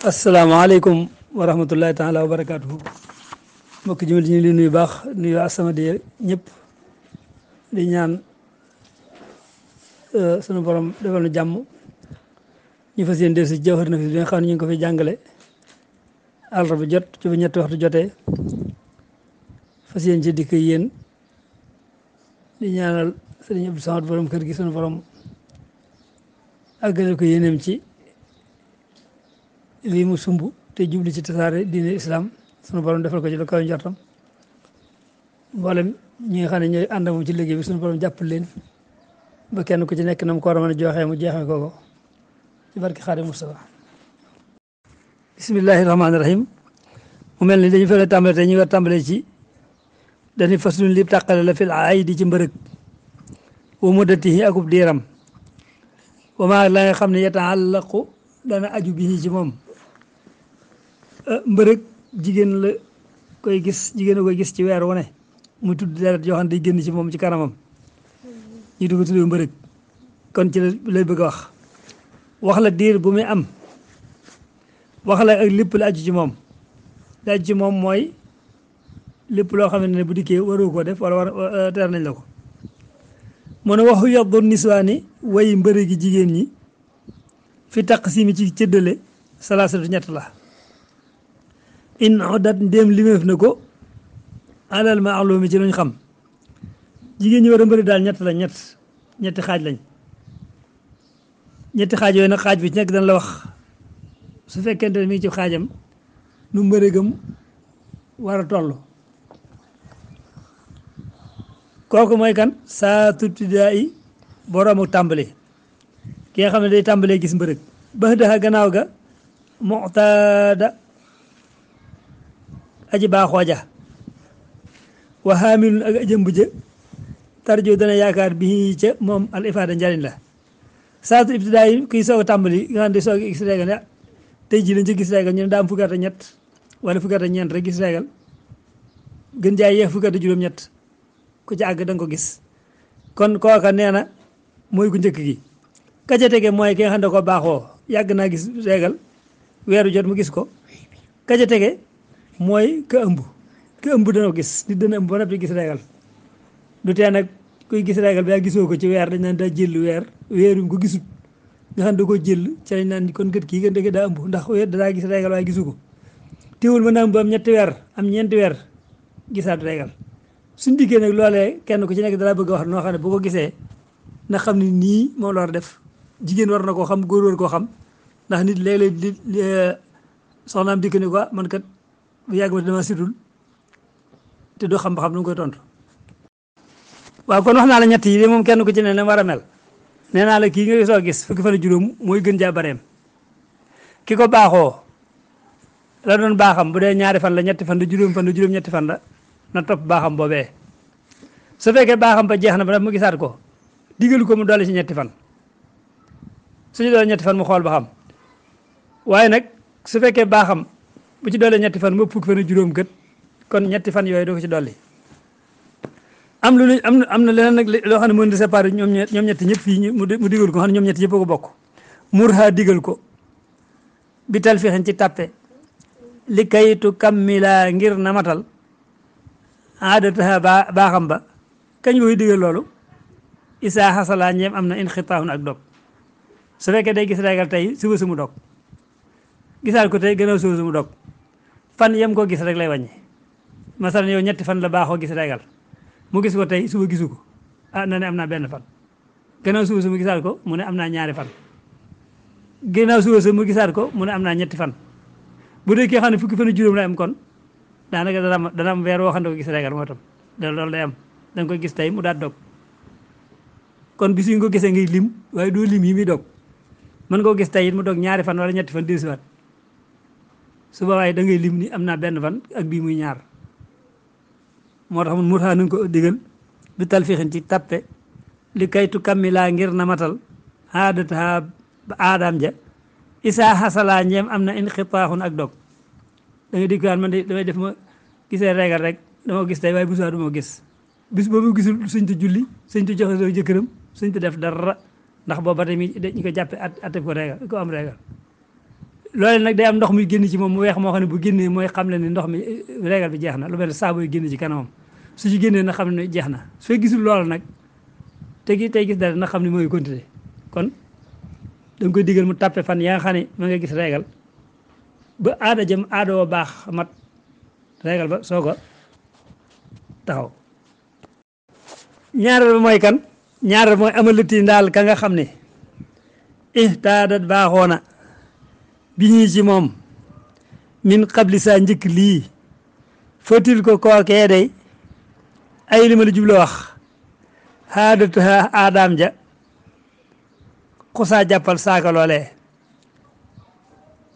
asalaamaaleykum wa rahmatullahi taala wa barakaatuhu mbokk jumel ñu ngi nuyu baax nuyu As-Samadiyya ñëpp di ñaan euh, sunu borom defal nu jàmm ñu fas yéene dellusi Jawhara Nafis bi nga xam ne ñu ngi ko fi jàngale àllarba jot ci bu ñetti waxtu jotee fas yéene ci dikk yéen di ñaanal sëriñ borom kër gi sunu borom àggale ko yéeneem ci lii mu sumb te jublu ci tasaare diine islam sunu borom defal ko ci lu kaw njortam mboolem ñi nga xam ne ñooy ànd moom ci liggéey bi sunu borom jàppal leen ba kenn ku ci nekk na mu ko war a mën joxee mu jeexee ko ko ci barki Xaadim Mustafa bismillahi rahmaani rahim mu mel ni dañu fee la tàmbale te ñu war tàmbalee ci dañuy fas lu lib tàqale la fil ay di ci mbërëg wa muddatihi akub diiram wa maa la nga xam ne yataallaqu dana aju bi ci moom Eh, mbërëg jigéen la koy gis jigéen a koy gis ci weer wu ne mu tudd deret yoo xam ne day génn ci moom ci kanamam ñu di ko tuddee mbërëg kon ci lay bëgg a wax wax la diir bu muy am wax la ak lépp la aju ci moom la aju ci moom mooy lépp loo xamante ne bu dikkee waroo koo def wala war eh, ter nañ la ko mu ne waxu yobbu niswaani way mbërëgi jigéen ñi fi taq simi ci cëddale salaasatu ñett la in oddat ndéem limeef na ko alal maalumi ci luñ xam jigéen ñi war a mbëri daal ñett la ñett ñetti xaaj lañ ñetti xaaj yooyu nag xaaj bi ci nekk dañ la wax su fekkente ne mi ngi ci xaajam nu mbërëgam war a toll kooku mooy kan saa tuttidaa yi boroomu tàmbali ki nga xam ne day tàmbalee gis mbërëg ba daxa gannaaw ga muxtaada aji baaxoo ja wa xaamilun ak ajëmb ja tarjo dana yaakaar bi ca moom al ifaada njariñ la saatu ibtidaa yi kuy soog a tàmbali nga xam ne soog a gis régal tey jii lañ ci gis régal ñu ne daa am fukki at ak ñett wala fukki at ak ñeent rek gis régal gën jaay yeex fukki at ak juróom-ñett ku ci àgg da nga ko gis kon kooka nee na mooy ku njëkk gi ka ca tege mooy ki nga xam ne ko baaxoo yàgg naa gis régal weeru jot mu gis ko ka ca tege mooy ka ëmb ka ëmb dana gis nit dana ëmb ba di gis reegal du tee nag kuy gis reegal ba gisoo ko ci weer dañ naan daa jël weer weer yu ko gisul nga xam da ko jël ci lañ naan kon kët kii gën dëgg daa ndax weer danaa gis reegal waaye gisu ko teewul mën naa ñetti weer am ñeenti weer gisaat reegal suñ diggee nag loolee kenn ku ci nekk dara bëgg a wax noo xam ne bu ko gisee na xam ne nii moom la def jigéen war na koo xam góor war koo xam ndax nit léeg-léeg li eh, soxnaam dikk ni quoi bu yàgg ba dama sidul te doo xam ba xam nu koy tontu. waaw kon wax naa la ñett yi moom kenn ko ci ne ne war a mel nee naa la kii nga soo gis fukki fan juróom mooy gën jaa bareem ki ko baaxoo la doon baaxam bu dee ñaari fan la ñetti fan la juróom fan la ñetti fan la na topp baaxam boobee su fekkee baaxam ba jeex na ba mu gisaat ko digal ko mu dolli ci ñetti fan suñu doon ñetti fan mu xool ba xam waaye nag su fekkee baaxam bu ci dolli ñetti fan mu ëpp fukki fan juróom gët kon ñetti fan yooyu doo ko ci dolli am lu am am na leneen nag loo xam ne mën di séparé ñoom ñoom ñetti ñëpp mu digal ko xam ne ñoom ñetti ñëpp ko bokk murha digal ko bi tal fixen ci tàppe li kayitu kammilaa ngir namatal aadataha baaxam ba kañ koy digal loolu isaa xasalaa ñeem am na in xitaahun ak dog su fekkee day gis ragal tey suba su mu dog gisaat ko tey gënaaw suba su mu dog fan yem koo gis rek lay wàññi masalan yow ñetti fan la baaxoo gis regal mu gis ko tey suba gisu ko ah na ne am naa benn fan gannaaw suba su mu gisaat ko mu ne am naa ñaari fan gannaaw suba su mu gisaat ko mu ne am naa ñetti fan bu dee kii xam ne fukki fan juróom la am kon daanaka dana am dana am weer woo xam ne ko gis regal moo tam loolu day am da nga koy gis tey mu daat dog kon bis yi ko gisee ngi lim waaye doo lim yi muy dog mën koo gis tey it mu dog ñaari fan wala ñetti fan déllusiwaat su boobaa da ngay lim ni am naa benn fan ak bii muy ñaar moo tax mun murxaa nañ ko digal bi talfixin ci tappe li kaytu kammi laa ngir na matal aadataa ba aadaam ja isaa xasalaa njeem am na inqitaaxun ak dog da nga dikkaan man de damay def ma gisee reegal rek dama gis tey waaye bu suwaa du gis bis boobu gisul sëñ te julli sëñ te joxe soo jëkkëram sëñ te def dara ndax booba tamit dañu ko jàppe at ateb ko reegal ko am reegal loolu nag day am ndox muy génn ci moom mu weex moo xam ne bu génnee mooy xam le ne ndox mi eh, régal bi jeex na lu mel ne saabu yi ci kanamam su ci génnee na xam ne jeex na soo gisul loolu nag te gi gis dara na xam ni mooy continuer kon da nga koy digal mu tàppe fan nga xam ne ma nga gis régal ba aada jëm aada woo baax mat régal ba soo ko taxaw ñaareel mooy kan ñaareel mooy amalati nga xam ne ihtadat baaxoona bi ñuy moom min xabli njëkk lii fëtil ko kookee day ay li jubla wax xaadatu aadaam ja xusaa jàppal saaka loolee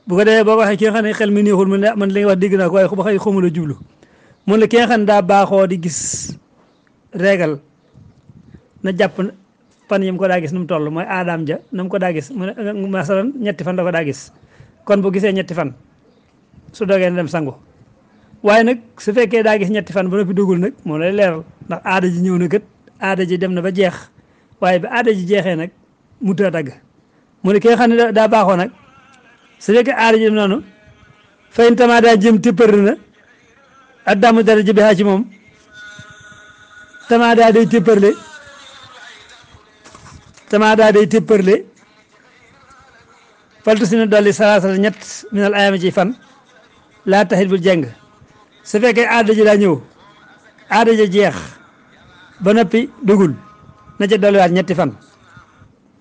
bu ko defee boo ko waxee ne xel mi neexul man man li nga wax dégg naa ko waaye ba xëy xamul a jublu mun la ki nga daa baaxoo di gis régal na jàpp fan yi ko daa gis nu mu toll mooy aadaam ja na ko daa gis mu ñetti fan la ko daa gis kon bu gisee ñetti fan su dogee na dem sangu waaye nag su fekkee daa gis ñetti fan ba noppi dugul nag moo lay leeral ndax aada ji ñëw na kët aada ji dem na ba jeex waaye ba aada ji jeexee nag mu tëra dagg mu ne ki nga daa baaxoo nag su fekkee aada ji noonu fayin tamaa daa jëm tippër na ak damu dara ji moom tamaa daa day tippërle tamaa daa day tippërle faltu si na dolli salaasal ñett minal ayama ci fan laa taxit bul jeng su fekkee aada ji daa ñëw aada ji jeex ba noppi dugul na ca dolliwaat ñetti fan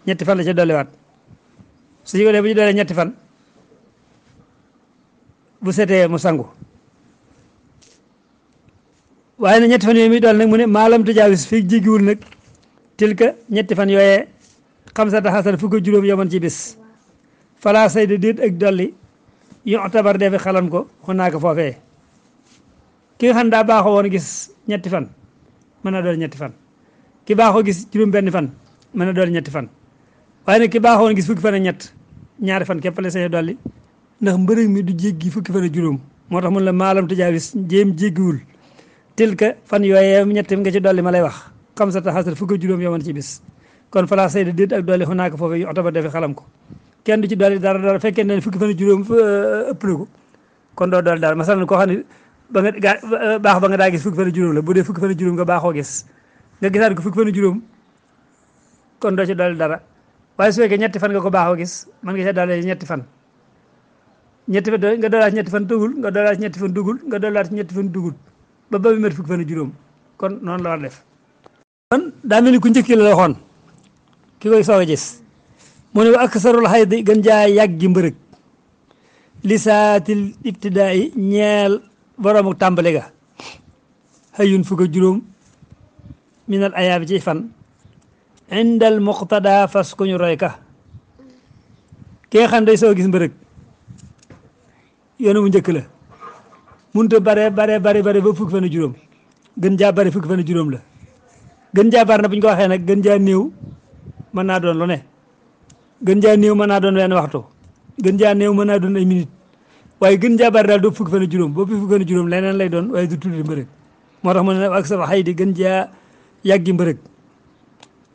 ñetti fan la ca dolliwaat su ñu ko bu ñu doolee ñetti fan bu setee mu sangu waaye na ñetti fan yooyu muy dool nag mu ne maalam tujaawis fii jéggiwul nag tilka ñetti fan yooyee xam sa taxasal fukk juróom yoman ci bis falaa sayda déet ak dolli yox tabar defe xalan ko xon naa ko foofee ki nga xam daa baaxoo woon gis ñetti fan mën na dolli ñetti fan ki baaxoo gis juróom benn fan mën na dolli ñetti fan waaye nag ki baaxoo woon gis fukki fan ak ñett ñaari fan képp la sañ dolli ndax mbërëg mi du jéggi fukki fan ak juróom moo tax mun la maalam tajaawis jéem jéggiwul tilka fan yooyee ñettim nga ci dolli ma lay wax xam sa taxasar fukki juróom yoman ci bis kon falaa sayda déet ak dolli xon naa ko foofee yox tabar defe ko kenn du ci dolli dara dara fekkee ne fukki fan juróom euh, kon doo dolli dara masalan koo xam ne ba nga euh, baax ba nga daa gis fukki fan juróom la bu dee fukki fan juróom nga baaxoo gis nga gisaat ko fukki fan juróom kon doo ci dolli dara waaye su ñetti fan nga ko baaxoo gis mën nga see dolli ñetti fan ñetti fan nga dollaat ñetti fan dugul nga dollaat ñetti fan dugul nga dollaat ñetti fan dugul ba ba mu mat fukki fan juróom kon noonu la war def kon daa mel ku njëkk la waxoon ki koy soog a gis mu ne wa aksarul xaydi gën jaa yàggi mbërëg lisaatil ibtidaa yi ñeel boroomu tàmbali ga xëyun fukk a juróom minal ayaabi ci fan indal muqtada fas ku ñu roy ka ki nga soo gis mbërëg yoonu mu njëkk la munta bare bare bare bare ba fukki fan juróom gën jaa bare fukki fan juróom la gën jaa bare na bu ñu ko waxee nag gën jaa néew mën naa doon lu ne gën jaa néew mën naa doon wenn waxtu gën jaa néew mën doon ay minute waaye gën jaa bari daal doo fukki fan juróom boo fi fukki fan juróom leneen lay doon waaye du tuddi mbërëg moo tax mu ne ak sa xay di gën jaa yàggi mbërëg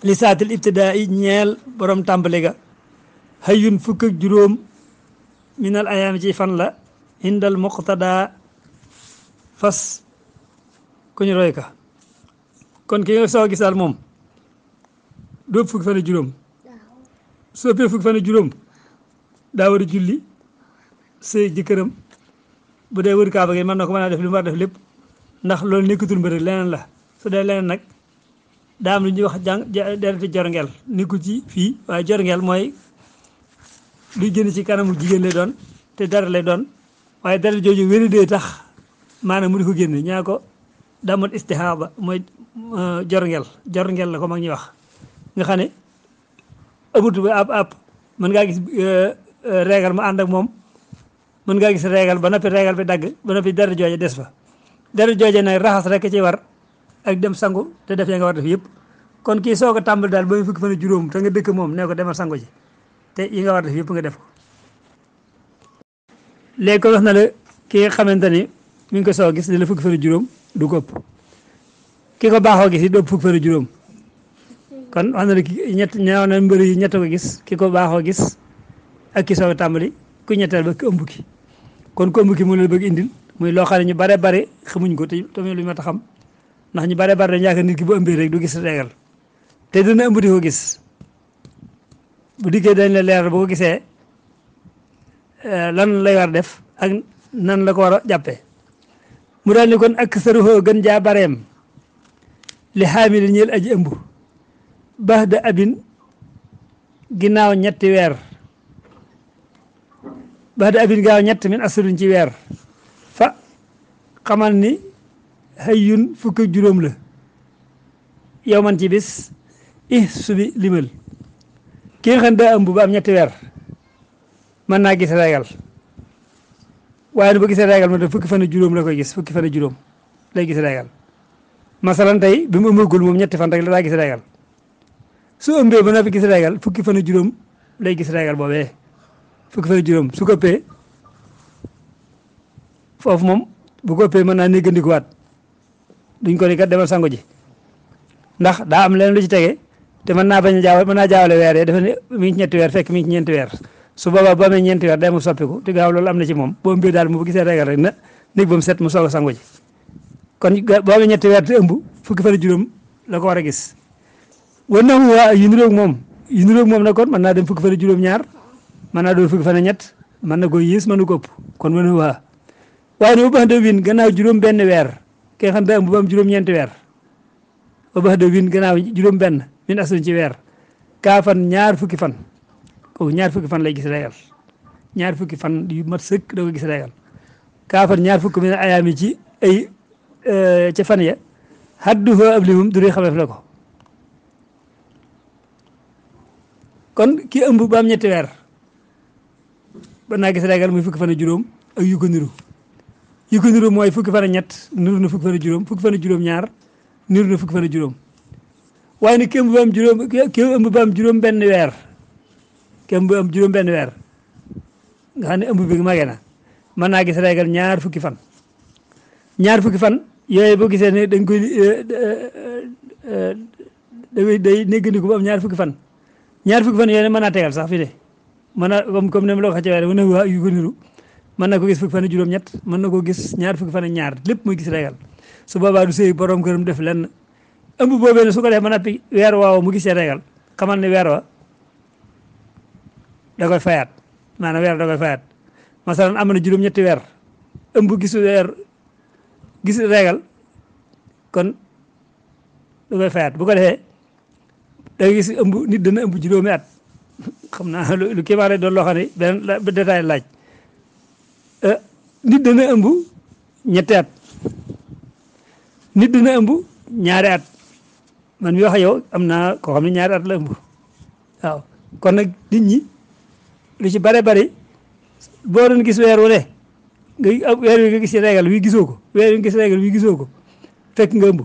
li saatil ñeel borom tàmbali ga xëyun fukk ak juróom minal ayaam ci fan la indal muqtada fas ku ñu roy kon ki nga soo gisaal moom doo fukki fan juróom su ëppee fukki fan juróom daa war a julli sëy jëkkëram bu dee wër kaaba gi mën na ko mën a def li mu def lépp ndax loolu nekkatul mbir leneen la su dee leneen nag daam lu ñuy wax jàng dereti jorngeel nekkul ci fii waaye jorngeel mooy luy génn ci kanamu jigéen lay doon te dara lay doon waaye dara jooju wéradee tax maanaam mu di ko génne ñaa ko damot istihaaba mooy euh, jorngeel jorngeel la ko mag ñuy wax nga xam ëpp ab ab mën ngaa gis euh, euh, régal mu ànd ak moom mën ngaa gis régal ba noppi régal bi dagg ba noppi dara jooje des fa. dara jooja nag raxas rek ci war ak dem sangu te def ya nga war def yëpp kon kii soog a tàmbali daal ba fukki fan juróom te nga dëkk moom nee ko demal sangu ji te yi nga yëpp nga def ko. léegi wax na la ki nga xamante ni mi ngi ko soog gis di la fukki fan juróom du ko ki ko baaxoo gis it du ëpp fukki fan juróom. kon wax na la ki ñett ñaaw yi ñett ko gis ki ko baaxoo gis ak ki soog a tàmbali ku ñetteel ba ku ëmb ki kon ku ëmb ki mu la bëgg indil muy loo ñu bare bare xamuñ ko te tamit lu ma xam ndax ñu bare bare dañu yaakaar ki bu ëmbee rek du gis reegal te dina ëmb di ko dañ leer bu ko gisee eh, lan lay war def ak nan la ko war a jàppe mu daal kon ak saruhoo gën jaa bareem li xaamil ñeel aji ëmb baxda abin ginnaaw ñetti weer baxda abin gaaw ñett min asurin ci weer fa xamal ni xëyun fukk juróom la yow man ci bis ih subi limal ki nga xam daa ëmb ba am ñetti weer mën naa gis reegal waaye nu ba gisee reegal ma da fukki fan juróom la koy gis fukki fan juróom lay gis reegal masalan tey bi mu ëmbagul moom ñetti fan la daa gis reegal su ëmbee ba bi gis reegal fukki fan juróom lay gis reegal boobee fukki fan juróom su këppee foofu moom bu këppee ëppee mën naa néggandikuwaat duñ ko ni kat demal sango ji ndax daa am leen lu ci tege te mën naa bañ a jaawale mën naa jaawale weer fekk ñeenti weer su boobaa boo amee ñeenti weer day mu soppiku te gaaw loolu am na ci moom boo ëmbee daal mu gisee reegal rek na néeg ba mu set mu soog a kon boo amee ñetti weer te ëmb fukki fan juróom la ko war a gis wa nahu waa yu niroog moom yu niroog moom na kon mën naa dem fukki fan ak juróom-ñaar mën naa doon fukki fan ak ñett mën na ko yées mën na ko ëpp kon wa waa waaye ne bu baax de win gannaaw juróom benn weer ki nga xam am juróom-ñeenti weer bu baax de win ganaaw juróom benn min asun ci weer kaa fan ñaar fukki fan kooku ñaar fukki fan lay gis dayal ñaar fukki fan yu mat sëkk da ko gis kaa fan ñaar fukki min ayaami ci ay eh, fan ya haddu fa ab limum kon ki ëmb ba am ñetti weer ba naa gis Sénégal muy fukki fan juróom ak yu ko niru yu mooy fukki fan ñett niru na fukki fan juróom fukki fan ak juróom-ñaar niru na fukki fan juróom waaye nag ki ëmb ba am juróom benn weer ki ëmb am juróom benn weer nga xam ëmb bi màggee na mën naa gis Sénégal ñaar fukki fan ñaar fukki fan yooyu boo gisee ne dañ koy eh, eh, eh, da ngay day néggandiku ba ñaar fukki fan ñaar fukki fan yooyu mën naa tegal sax fi de mën naa comme comme ni ma la ko waxee ci waaye mën na waa yu mën na ko gis fukki fan juróom-ñett mën na ko gis ñaar fukki fan ñaar lépp muy gis regal su boobaa du sëy borom këram def lenn ëmb boobee su ko def mën pi weer waaw mu gisee regal kaman ne weer wa da koy fayaat maanaam weer da koy fayaat masalan am na juróom-ñetti weer ëmb gis regal kon da fayaat bu ko da ngay gis ëmb nit dana ëmb juróomi at xam naa lu lu kéemaane doon loo xam ne benn détail laaj euh, nit dana ëmb ñetti at nit dana ëmb ñaari at man mi wax yow am na koo xam ne ñaari at la ëmb kon nag nit ñi lu ci bare bari boo doon gis weer wu ne nga gis régal wi gisoo ko weer wi nga gis régal wi gisoo ko fekk nga ëmb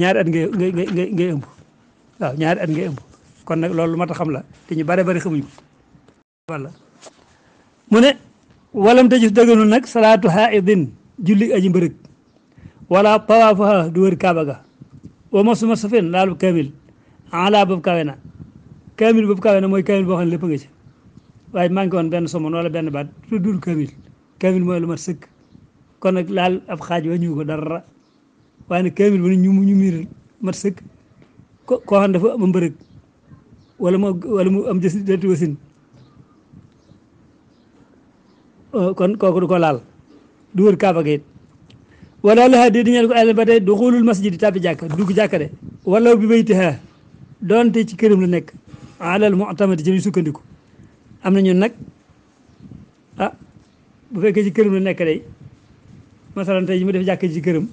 ñaari at ngay ngay waaw ñaari at ngay kon nag lool lu mat xam la te ñu bare bari xamuñ ko walla mu ne walam te gis dëgganul nag salaatu haidin julli aji mbërëg wala tawaafaha du wër kaaba ga wa masuma safin laalu kaamil ala boobu kawe na kaamil boobu mooy kaamil boo xam ne lépp ci waaye maa ngi woon benn somon wala benn baat lu dul kaamil kaamil mooy lu mat sëkk kon nag laal ab xaaj wa ñu ko dara waaye kaamil bu ne mat sëkk ko koo xam dafa am mbërëg wala mu wala mu am jës dati wasin oh, kon kooku du ko laal du wër kaaba ga it wala la di ñeel ko aylan ba tey du xulul masjid tàbbi jàkka dugg jàkka de wala bi baytiha doonte ci këram la nekk alal mu'tamadi ci lu sukkandiku am na ñun nag ah bu fekkee ci këram la nekk day masalan tey ñu mu def jàkka ci këram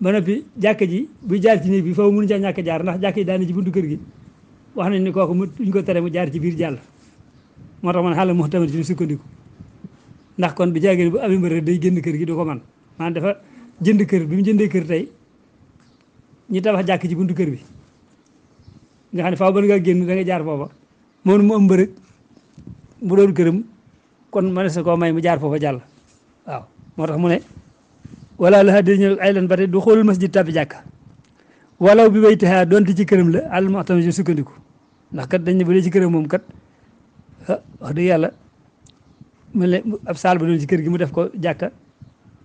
ba noppi jàkka ji bu jaar ci néeg bi foofu mënu caa ñàkk jaar ndax jàkka ji daana ci buntu kër gi wax nañ ni kooku mu duñ ko tere mu jaar ci biir jàll moo tax man xaaral moo tamit kon bu jaagee bu amee mbër day génn kër gi du ko man maanaam dafa jënd kër bi mu jëndee kër tey ñu tabax jàkk ci buntu kër bi nga xam ba nga génn da jaar foofa moom mu am mbër mu kon ma ne sa koo mu jaar foofa jàll waaw moo tax mu ne wala la xadir ñëw ay lan ba tey du xoolul masjid tàbbi jàkka walaw bi bay taxaa donte ci këram la al muxtam sukkandiku ndax dañ ne bu ci këram moom kat wax dëgg yàlla mu ne ab ci kër gi mu def ko jàkka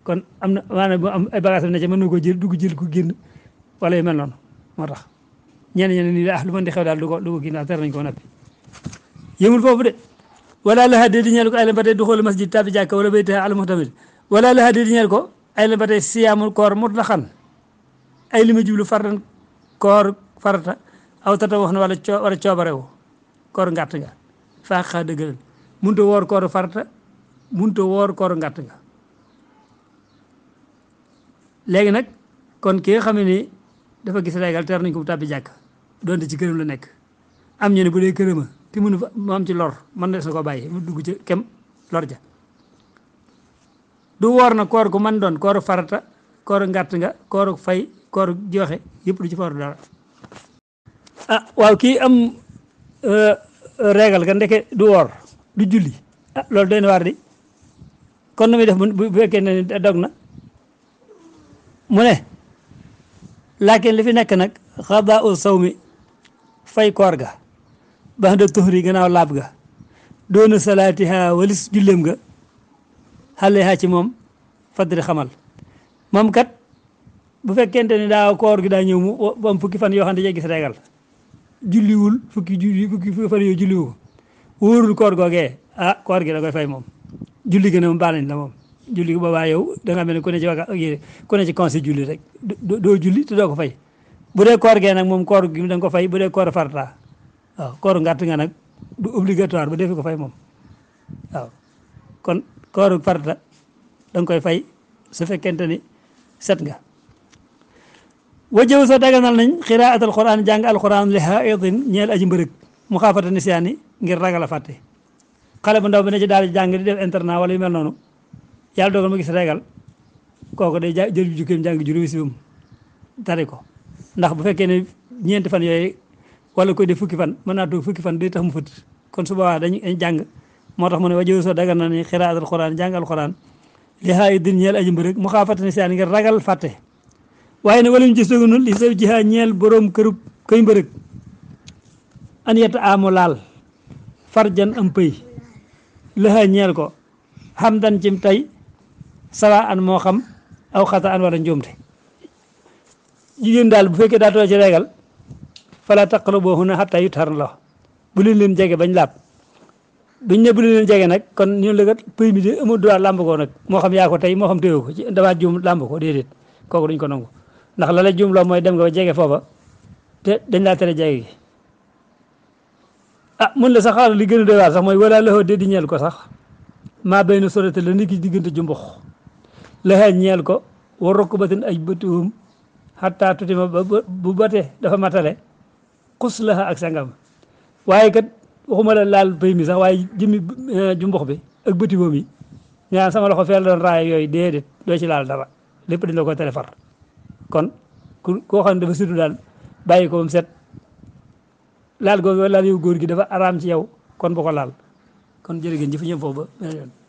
kon am na maanaam bu am ay bagages na ca mën na jël dugg jël ko génn wala yu mel noonu moo tax ñenn ñeneen nii ah lu mën di xew daal du ko du ko génn daal tere nañu koo nappi yëmul de wala la xadir di ñeel ko ay lan ba tey du xoolul masjid tàbbi jàkka wala bay taxaa al muxtam wala la xadir di ko ay la ba tey siyaamul koor mutlaxan ay li ma jublu fardan koor farata aw tata wax na wala coo wala coobare wo koor ngàtt nga faaxaa dëggalal munta woor koor farata munta woor koor ngàtt nga léegi nag kon ki nga xam ne nii dafa gis Sénégal teer nañ ko bu tàbbi jàkk donte ci këram la nekk am ñu ne bu dee kërama ti mënu fa mu am ci lor mën na des ko bàyyi mu dugg ci kem lor ja du woor na koor gu mën doon kooru farata kooru ngàtt nga kooru fay kooru joxe yëpp du ci faru dara ah waaw kii am euh, euh, régal ga ndeke du woor du julli ah loolu doy na waar di kon nu def bu fekkee ne dog na mu ne laakin li fi nekk nag xada u saw mi fay koor ga bax da tuxri gannaaw laab ga doona salaatiha walis julleem ga xale ci moom fadri xamal moom kat bu fekkente ni daa koor gi daa ñëw mu am fukki fan yoo xam ne gis regal julliwul fukki julli fukki fan yoo julliwu wóorul koor googee ah koor gi da koy fay moom julli gi ne moom baal nañ la moom julli boobaa yow da nga mel ne ku ne ci waka julli rek doo julli te doo ko fay bu dee koor gee nag moom koor gi da ko fay bu dee koor farta waaw koor ngàtt nga nag du obligatoire bu dee ko fay moom kon kooru farata da nga koy fay su fekkente ni set nga wajaw sa daganal nañ xiraat alquran jàng alquran li haidin ñeel aji mbërëg mu xaafata nisiyaani ngir ragal a fàtte xale bu ndaw bi ne daal di jàng di def internat wala yu mel noonu yàlla dogal ma gis regal kooku day jël jukkeem jàng juróomi si ko ndax bu fekkee ne ñeenti fan yooyu wala koy def fukki fan mën naa toog fukki fan day tax mu fët kon su boobaa dañuy jàng moo tax mu ne wajo soo dagal na ni xiraat alxuraan jàng alxuraan li xaayu din ñeel aji mbërëg mu xaa fàtte ni saan ngir ragal fàtte waaye ne wala ñu gis dëggnul li saw jihaa ñeel boroom kërub koy mbërëg an yett amu laal farjan am pëy lëxaa ñeel ko xam dan cim tey sawa an moo xam aw xata an wala njuumte jigéen daal bu fekkee daa too ci regal fala taqrabuhunna hatta yutharna la bu leen jege bañ laab biñ ne bu leen jege nag kon ñun la kat prix bi de amul droit làmb ko nag moo xam yaa ko tey moo xam téye ko ci damaa juum làmb ko déedéet kooku duñ ko nangu ndax la la juum mooy dem nga ba jege foofa te dañ laa tere jege gi ah mun la sax xaaral li waar sax mooy wala loxo déedéet ko sax maa béy na sorate la nit ki diggante jumbux laxaaj ñeel ko war rukbatin ay bëtuum xattaa tutima ba bu bate dafa matale xus laxa ak sangam waaye kat. waxuma la laal bëy mi sax waaye jëmmi eh, jumbox bi ak bëti boom yi ñaan sama loxo feel doon raaya yooyu déedéet doo ci laal dara lépp dañ la koy tere far kon ko koo xam dafa surtout daal bàyyi ko ba mu set laal googu laal yow góor gi dafa araam ci yow kon bu ko laal kon jërëgéen jëf ñëpp foofu